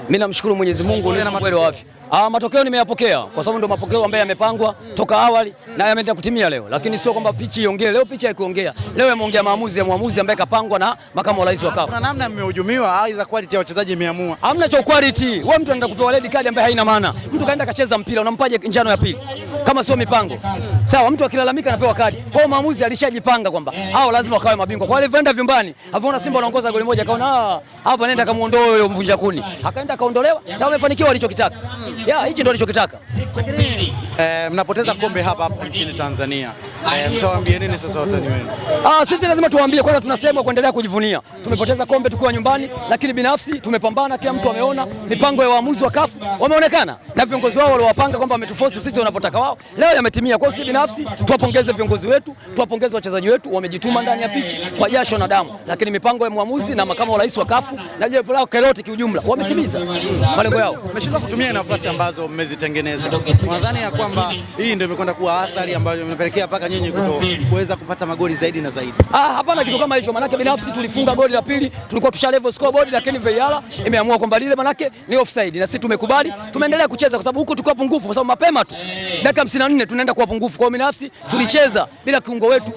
Mimi namshukuru Mwenyezi Mungu ni mwili wa afya. Ah, matokeo nimeyapokea kwa sababu ndio mapokeo ambayo yamepangwa toka awali na yameenda kutimia leo, lakini sio kwamba pichi iongee leo. Pichi haikuongea leo, yameongea maamuzi ya muamuzi ambaye kapangwa na makamu wa rais wa CAF. Kuna namna mmehujumiwa, aidha quality ya wachezaji imeamua, hamna cha quality. Wewe mtu anaenda kupewa red card ambaye haina maana, mtu kaenda kacheza mpira, unampaje njano ya pili kama sio mipango sawa? Mtu akilalamika anapewa kadi. Kwa hiyo maamuzi alishajipanga kwamba hao lazima wakawe mabingwa. Kwa hiyo alivyoenda vyumbani, avyoona Simba anaongoza goli moja, akaona ah, hapa nenda kamuondoe huyo mvunja kuni akaenda akaondolewa na wamefanikiwa walichokitaka. Ya, hichi ndio walichokitaka. Eh, mnapoteza kombe hapa hapa nchini Tanzania. Eh, mtawaambie nini sasa watani wenu? Ah, sisi lazima tuwaambie kwanza, tunasema kuendelea kujivunia. Tumepoteza kombe tukiwa nyumbani, lakini binafsi tumepambana, kila mtu ameona mipango ya waamuzi wa CAF wameonekana na viongozi wao waliowapanga kwamba wametuforce sisi wanavyotaka wao. Leo yametimia. Kwa hiyo sisi binafsi tuwapongeze viongozi wetu, tuwapongeze wachezaji wetu, wamejituma ndani ya pichi kwa jasho na damu. Lakini mipango ya mwamuzi na makamu wa rais wa CAF na jepo lao keroti kiujumla wametimiza kwanza, malengo yao mmeshindwa kutumia nafasi ambazo mmezitengeneza. Nadhani ya kwamba hii ndio imekwenda kuwa athari ambayo imepelekea mpaka nyinyi kuweza kupata magoli zaidi na zaidi. Ah, hapana kitu kama hicho, manake binafsi tulifunga goli la pili, tulikuwa tusha level scoreboard, lakini VAR imeamua kwamba lile manake ni offside, na sisi tumekubali, tumeendelea kucheza kwa sababu huko tulikuwa pungufu, kwa sababu mapema tu dakika 54 tunaenda kuwa pungufu. Kwa hiyo binafsi tulicheza bila kiungo wetu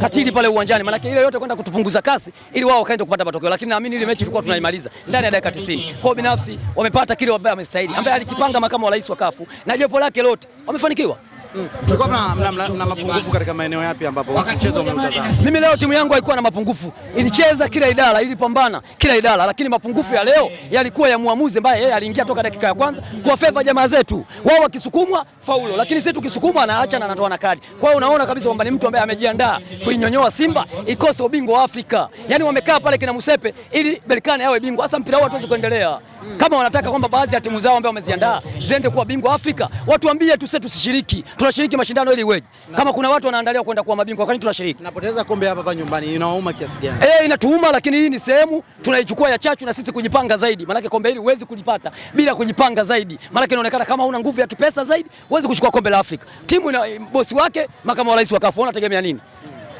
katili pale uwanjani, manake ile yote kwenda kutupunguza kasi ili wao wakaenda kupata matokeo, lakini naamini ile mechi tulikuwa tunaimaliza ndani ya dakika 90. Kwa hiyo binafsi binafsi wamepata kile ambaye amestahili, ambaye alikipanga makamu wa rais wa kafu na jopo lake lote wamefanikiwa. na mapungufu katika maeneo yapi ambapo mchezo umeutazama? Mimi leo timu yangu haikuwa na mapungufu, ilicheza kila idara, ilipambana kila idara, lakini mapungufu ya leo yalikuwa ya muamuzi ambaye yeye aliingia toka dakika ya kwanza kwa feva jamaa zetu. Wao wakisukumwa faulo, lakini sisi tukisukumwa anaacha na anatoa na kadi. Kwa hiyo unaona kabisa kwamba ni mtu ambaye amejiandaa kuinyonyoa Simba ikose ubingwa wa Afrika. Yaani wamekaa pale kina Musepe ili Berkane awe bingwa. Sasa mpira huu hatuwezi kuendelea. Kama wanataka kwamba baadhi ya timu zao ambao wameziandaa ziende kuwa bingwa Afrika, watuambie tu, sisi tusishiriki. Tunashiriki mashindano ili weje? Kama kuna watu wanaandalia kwenda kuwa mabingwa, kwani tunashiriki? Tunapoteza kombe hapa hapa nyumbani, inauma kiasi gani? Eh, inatuuma, lakini hii ni sehemu tunaichukua ya chachu na sisi kujipanga zaidi, maanake kombe hili huwezi kulipata bila kujipanga zaidi, maanake inaonekana kama una nguvu ya kipesa zaidi, huwezi kuchukua kombe la Afrika. Timu na eh, bosi wake, makamu wa rais wa CAF, wanategemea nini?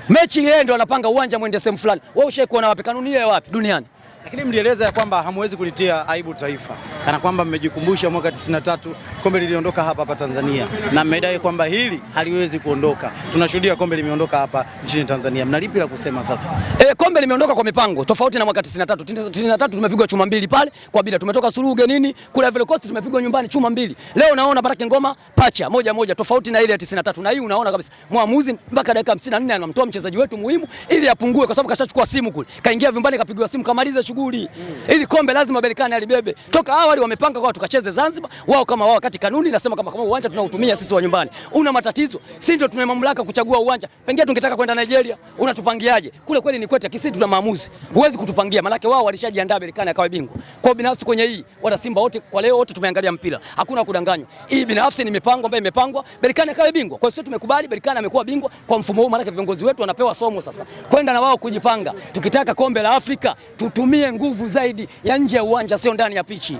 Mechi yeye ndio anapanga uwanja mwende sehemu fulani. Wewe ushaikuona wapi? Kanuni hiyo wapi duniani? Lakini mlieleza ya kwamba hamwezi kulitia aibu taifa, kana kwamba mmejikumbusha mwaka 93 kombe liliondoka hapa hapa Tanzania, na mmedai kwamba hili haliwezi kuondoka. Tunashuhudia kombe limeondoka hapa nchini Tanzania, mna lipi la kusema sasa? E, kombe limeondoka kwa mipango tofauti na mwaka 93. 93 tumepigwa chuma mbili pale kwa bila, tumetoka suluhu ugenini kule Ivory Coast tumepigwa nyumbani chuma mbili. Leo naona baraka ngoma pacha moja moja, tofauti na ile ya 93, na hii unaona kabisa mwamuzi mpaka dakika 54 anamtoa mchezaji wetu muhimu ili apungue, kwa sababu kashachukua simu kule, kaingia vyumbani, kapigwa simu, kamaliza shughuli nguli mm. Ili kombe lazima Berkane alibebe toka awali, wamepanga kwa tukacheze Zanzibar, wao kama wao, wakati kanuni nasema kama kama uwanja tunautumia sisi wa nyumbani una matatizo, si ndio tuna mamlaka kuchagua uwanja. Pengine tungetaka kwenda Nigeria, unatupangiaje kule? Kweli ni kwetu, kisi tuna maamuzi, huwezi kutupangia, maana wao walishajiandaa Berkane akawa bingwa kwao. Binafsi kwenye hii wana Simba wote kwa leo wote tumeangalia mpira, hakuna kudanganywa. Hii binafsi ni mipango ambayo imepangwa Berkane akawa bingwa, kwa sisi tumekubali Berkane amekuwa bingwa kwa mfumo huu, maana viongozi wetu wanapewa somo sasa kwenda na wao kujipanga, tukitaka kombe la Afrika tutumie Tutumie nguvu zaidi ya nje ya uwanja, sio ndani ya pichi.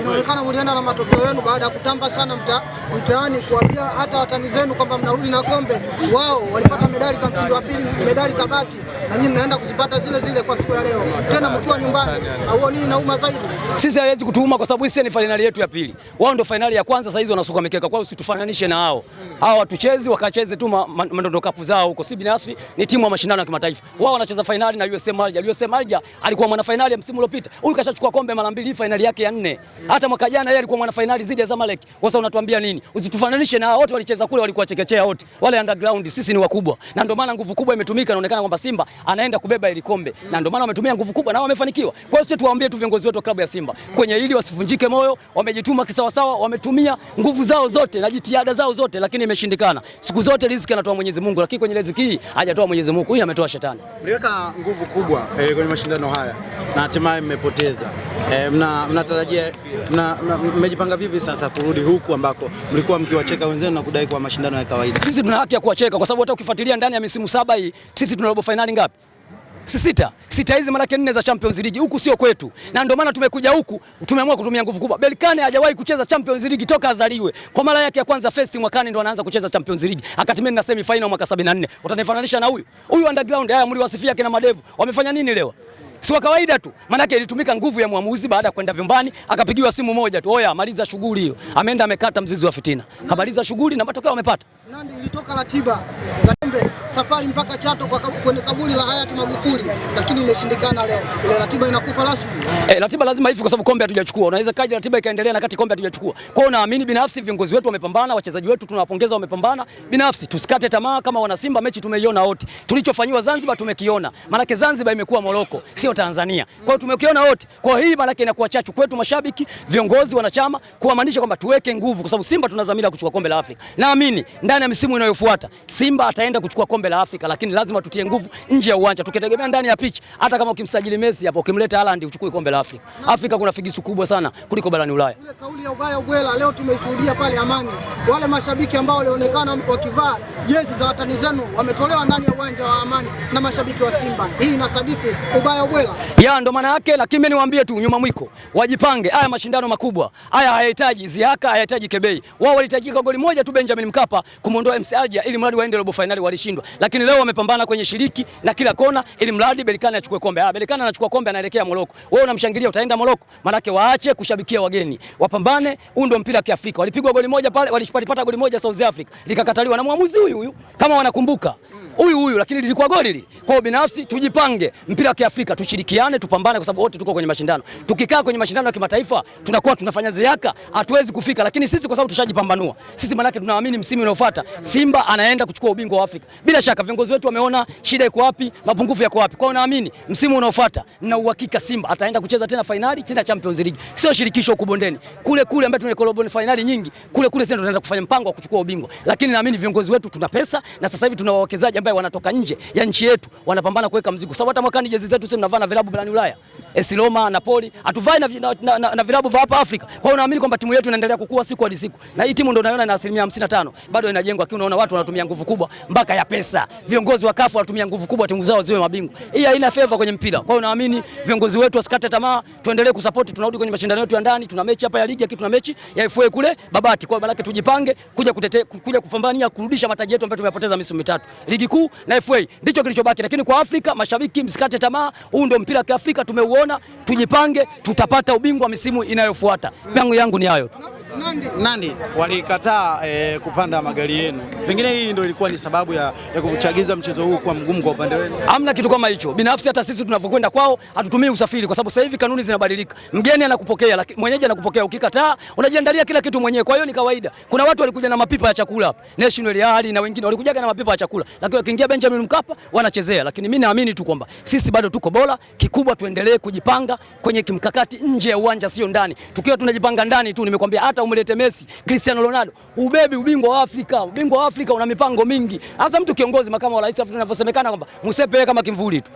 Inaonekana mlienda na matokeo yenu baada ya kutamba sana mtaani, kuambia hata watani zenu kwamba mnarudi na kombe. Wao walipata medali za mshindi wa pili, medali za bati na nyinyi mnaenda kuzipata zile zile kwa siku ya leo, tena mkiwa nyumbani. Au nini nauma zaidi? Sisi hawezi kutuuma kwa sababu hii ni finali yetu ya pili, wao ndio finali ya kwanza. Sasa hizi wanasuka mikeka kwao, usitufananishe na hao hao. Watuchezi wakacheze tu mandondo kapu zao huko, si binafsi, ni timu ya mashindano ya kimataifa. Wao wanacheza finali na USM Alger. USM Alger alikuwa mwana finali ya msimu uliopita, huyu kashachukua kombe mara mbili, hii fainali yake ya nne. Hata mwaka jana yeye alikuwa mwana finali dhidi ya Zamalek. Sasa unatuambia nini? Usitufananishe na hao wote, walicheza kule, walikuwa chekechea wote wale underground. Sisi ni wakubwa, na ndio maana nguvu kubwa imetumika. Inaonekana kwamba Simba anaenda kubeba ile kombe mm. na ndio maana wametumia nguvu kubwa na wamefanikiwa. Kwa hiyo tuwaambie tu viongozi wetu wa klabu ya Simba mm. kwenye hili wasivunjike moyo, wamejituma kisawasawa, wametumia nguvu zao zote na jitihada zao zote, lakini imeshindikana. Siku zote riziki anatoa Mwenyezi Mungu, lakini kwenye riziki hajatoa Mwenyezi Mungu, huyu ametoa shetani. Mliweka nguvu kubwa eh, kwenye mashindano haya na hatimaye mmepoteza. E, mnatarajia mna mmejipanga vipi sasa kurudi huku ambako mlikuwa mkiwacheka wenzenu na kudai kwa mashindano ya kawaida? Sisi tuna haki ya kuwacheka kwa sababu hata ukifuatilia ndani ya misimu saba hii sisi tuna robo fainali ngapi? Si sita sita hizi mara nne za Champions League huku sio kwetu, na ndio maana tumekuja huku, tumeamua kutumia nguvu kubwa. Belkane hajawahi kucheza Champions League toka azaliwe. Kwa mara yake ya kwanza first mwakani ndo anaanza kucheza Champions League, akatimia na semi final mwaka 74. Utanifananisha na huyu huyu underground? Haya mliwasifia kina Madevu wamefanya nini leo? si wa kawaida tu, maanake ilitumika nguvu ya mwamuzi baada ya kwenda vyumbani, akapigiwa simu moja tu, oya maliza shughuli hiyo. Ameenda amekata mzizi wa fitina, kamaliza shughuli na matokeo amepata. Nandi ilitoka ratiba Njombe safari mpaka Chato kwa kwenye kaburi la hayati Magufuli, lakini imeshindikana leo. Ile ratiba inakufa rasmi eh, ratiba lazima ife kwa sababu kombe hatujachukua. Unaweza kaja ratiba ikaendelea na kati kombe hatujachukua. Kwa hiyo naamini binafsi viongozi wetu wamepambana, wachezaji wetu tunawapongeza, wamepambana. Binafsi tusikate tamaa kama wana Simba, mechi tumeiona wote, tulichofanyiwa Zanzibar tumekiona, maanake Zanzibar imekuwa Moroko, sio Tanzania. Kwa hiyo tumekiona wote, kwa hii maanake inakuwa chachu kwetu mashabiki, viongozi, wanachama kuwamaanisha kwamba tuweke nguvu, kwa sababu Simba tuna dhamira kuchukua kombe la Afrika. Naamini ndani ya msimu inayofuata Simba ataenda kuchukua kombe la Afrika, lakini lazima tutie nguvu nje ya uwanja. Tukitegemea ndani ya pitch, hata kama ukimsajili Messi hapo, ukimleta Haaland, uchukue kombe la Afrika. Afrika kuna figisu kubwa sana kuliko barani Ulaya. Ile kauli ya ubaya ubwela leo tumeishuhudia pale Amani, wale mashabiki ambao walionekana wakivaa jezi za watani zenu wametolewa ndani ya uwanja wa Amani na mashabiki wa Simba. Hii inasadifu ubaya ubwela ya ndo maana yake, lakini mimi niwaambie tu nyuma mwiko wajipange. Haya mashindano makubwa haya hayahitaji ziaka, hayahitaji kebei. Wao walihitajika goli moja tu Benjamin Mkapa kumondoa MC Alger ili mradi waende robo finali wa walishindwa, lakini leo wamepambana kwenye shiriki na kila kona, ili mradi Berkane achukue kombe. Ah, Berkane anachukua kombe, anaelekea Moroko. Wewe unamshangilia, utaenda Moroko? manake waache kushabikia wageni, wapambane. Huu ndio mpira wa Kiafrika. Walipigwa goli moja pale, walipata goli moja South Africa likakataliwa na mwamuzi huyu huyu, kama wanakumbuka huyu huyu, lakini lilikuwa goli lile. Kwa hiyo binafsi tujipange, mpira wa Kiafrika tushirikiane, tupambane, kwa sababu wote tuko kwenye mashindano. Tukikaa kwenye mashindano ya kimataifa tunakuwa tunafanya ziaka, hatuwezi kufika, lakini sisi kwa sababu tushajipambanua sisi, maanake tunaamini msimu unaofuata Simba anaenda kuchukua ubingwa wa Afrika. Bila shaka viongozi wetu wameona shida iko wapi, mapungufu yako wapi. Kwa hiyo naamini msimu unaofuata, nina uhakika Simba ataenda kucheza tena fainali tena Champions League, sio shirikisho huko bondeni kule kule, ambapo tunakoroboni fainali nyingi kule kule, sisi tunaenda kufanya mpango wa kuchukua ubingwa, lakini naamini viongozi wetu tuna pesa na sasa hivi tuna wawekezaji ambaye wanatoka nje ya nchi yetu wanapambana kuweka mzigo, sababu hata mwakani jezi zetu sisi tunavaa na vilabu barani Ulaya, AS Roma, Napoli, hatuvai na, na, na, na, na vilabu vya hapa Afrika. Kwa hiyo naamini kwamba timu yetu inaendelea kukua siku hadi siku, na hii timu ndio unaiona ina asilimia 55 bado inajengwa, lakini unaona watu wanatumia nguvu kubwa mpaka ya pesa, viongozi wa kafu wanatumia nguvu kubwa timu zao ziwe mabingwa. Hii haina favor kwenye mpira. Kwa hiyo naamini viongozi wetu wasikate tamaa, tuendelee kusupport. Tunarudi kwenye mashindano yetu ya ndani, tuna mechi hapa ya ligi, lakini tuna mechi ya FA kule Babati. Kwa hiyo baraka tujipange kuja kutetea, kuja kupambania kurudisha mataji yetu ambayo tumepoteza misimu mitatu ligi Kuu na FA ndicho kilichobaki, lakini kwa Afrika mashabiki, msikate tamaa. Huu ndio mpira wa Kiafrika, tumeuona, tujipange, tutapata ubingwa misimu inayofuata. Yangu yangu ni hayo tu. Nandi, Nandi walikataa e, kupanda magari yenu, pengine hii ndio ilikuwa ni sababu ya, ya kuchagiza mchezo huu kwa mgumu kwa upande wenu? Hamna kitu kama hicho. Binafsi hata sisi tunavyokwenda kwao hatutumii usafiri, kwa sababu sasa hivi kanuni zinabadilika. Mgeni anakupokea, lakini mwenyeji anakupokea, ukikataa unajiandalia kila kitu mwenyewe. Kwa hiyo ni kawaida. Kuna watu walikuja na mapipa ya chakula National Yard na wengine walikuja na mapipa ya chakula, lakini wakiingia Benjamin Mkapa wanachezea. Lakini mimi naamini tu kwamba sisi bado tuko bora, kikubwa tuendelee kujipanga kwenye kimkakati nje ya uwanja, sio ndani. Tukiwa tunajipanga ndani tu, nimekwambia hata umlete Messi, Cristiano Ronaldo, ubebi ubingwa wa Afrika. Ubingwa wa Afrika una mipango mingi, hasa mtu kiongozi, makamu wa rais, Afrika tunavyosemekana kwamba Musepe kama kimvuli tu,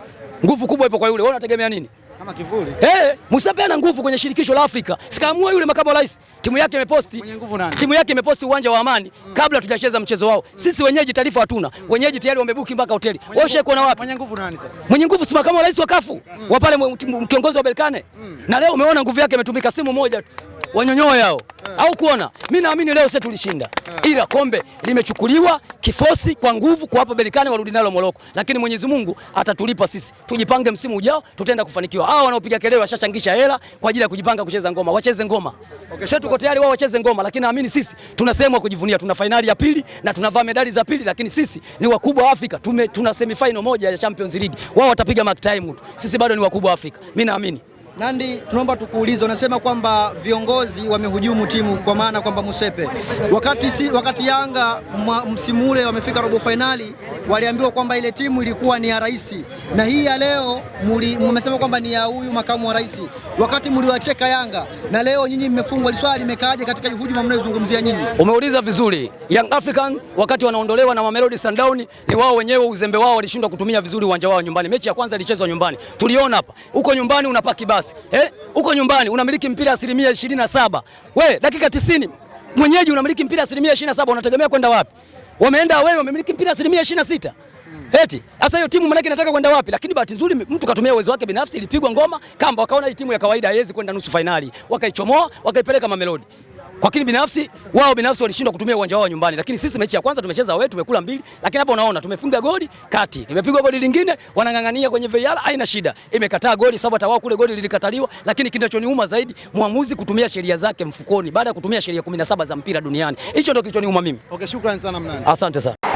nguvu kubwa ipo kwa yule. Wewe unategemea nini? Kama kivuli. Eh, Musepe ana nguvu kwenye shirikisho la Afrika. Sikaamua yule makamu wa rais. Timu yake imeposti. Mwenye nguvu nani? Timu yake imeposti uwanja wa Amani mm. kabla tujacheza mchezo wao. Mm. Sisi wenyeji taarifa hatuna. Mm. Wenyeji tayari wamebuki mpaka hoteli. Wewe sheko na wapi? Mwenye nguvu nani sasa? Mwenye nguvu si makamu wa rais wa Kafu? mm. wa pale kiongozi wa Berkane. Mm. Na leo umeona nguvu yake imetumika simu moja tu wanyonyoe yao yeah. au kuona mi naamini leo sisi tulishinda yeah. ila kombe limechukuliwa kifosi kwa nguvu kwa hapo Berikane warudi nalo Moroko, lakini Mwenyezi Mungu atatulipa sisi. Tujipange, msimu ujao tutaenda kufanikiwa. Hao wanaopiga kelele washachangisha hela kwa ajili ya kujipanga kucheza ngoma, wacheze ngoma okay. Sisi tuko tayari, wao wacheze ngoma, lakini naamini sisi tuna sehemu ya kujivunia. Tuna fainali ya pili na tunavaa medali za pili, lakini sisi ni wakubwa Afrika. Tume, tuna semifinal moja ya Champions League, wao watapiga mark time tu, sisi bado ni wakubwa Afrika, mi naamini. Nandi, tunaomba tukuulize, unasema kwamba viongozi wamehujumu timu kwa maana kwamba Musepe wakati, si, wakati Yanga msimu ule wamefika robo fainali waliambiwa kwamba ile timu ilikuwa ni ya rais, na hii ya leo mmesema kwamba ni ya huyu makamu wa rais, wakati mliwacheka Yanga na leo nyinyi mmefungwa. Liswali limekaaje katika hujuma mnayozungumzia nyinyi? Umeuliza vizuri. Young African wakati wanaondolewa na Mamelodi Sundowns ni wao wenyewe, uzembe wao, walishindwa kutumia vizuri uwanja wao nyumbani. Mechi ya kwanza ilichezwa nyumbani, tuliona hapa. Huko nyumbani unapaki basi nafasi huko eh, nyumbani unamiliki mpira asilimia ishirini na saba we dakika tisini mwenyeji unamiliki mpira asilimia ishirini na saba unategemea kwenda wapi? Wameenda wewe, wamemiliki mpira asilimia ishirini na sita Eti sasa hiyo timu manake inataka kwenda wapi? Lakini bahati nzuri mtu katumia uwezo wake binafsi, ilipigwa ngoma kamba, wakaona hii timu ya kawaida haiwezi kwenda nusu fainali, wakaichomoa wakaipeleka Mamelodi. Kwa kini binafsi wao binafsi walishindwa kutumia uwanja wao nyumbani, lakini sisi mechi ya kwanza tumecheza wewe, tumekula mbili, lakini hapa unaona tumefunga goli kati, nimepigwa goli lingine, wanang'ang'ania kwenye VAR, haina shida, imekataa goli sababu hata wao kule goli lilikataliwa. Lakini kinachoniuma zaidi mwamuzi kutumia sheria zake mfukoni baada ya kutumia sheria 17 za mpira duniani, hicho ndio kilichoniuma mimi. Okay, shukrani sana mnani, asante sana.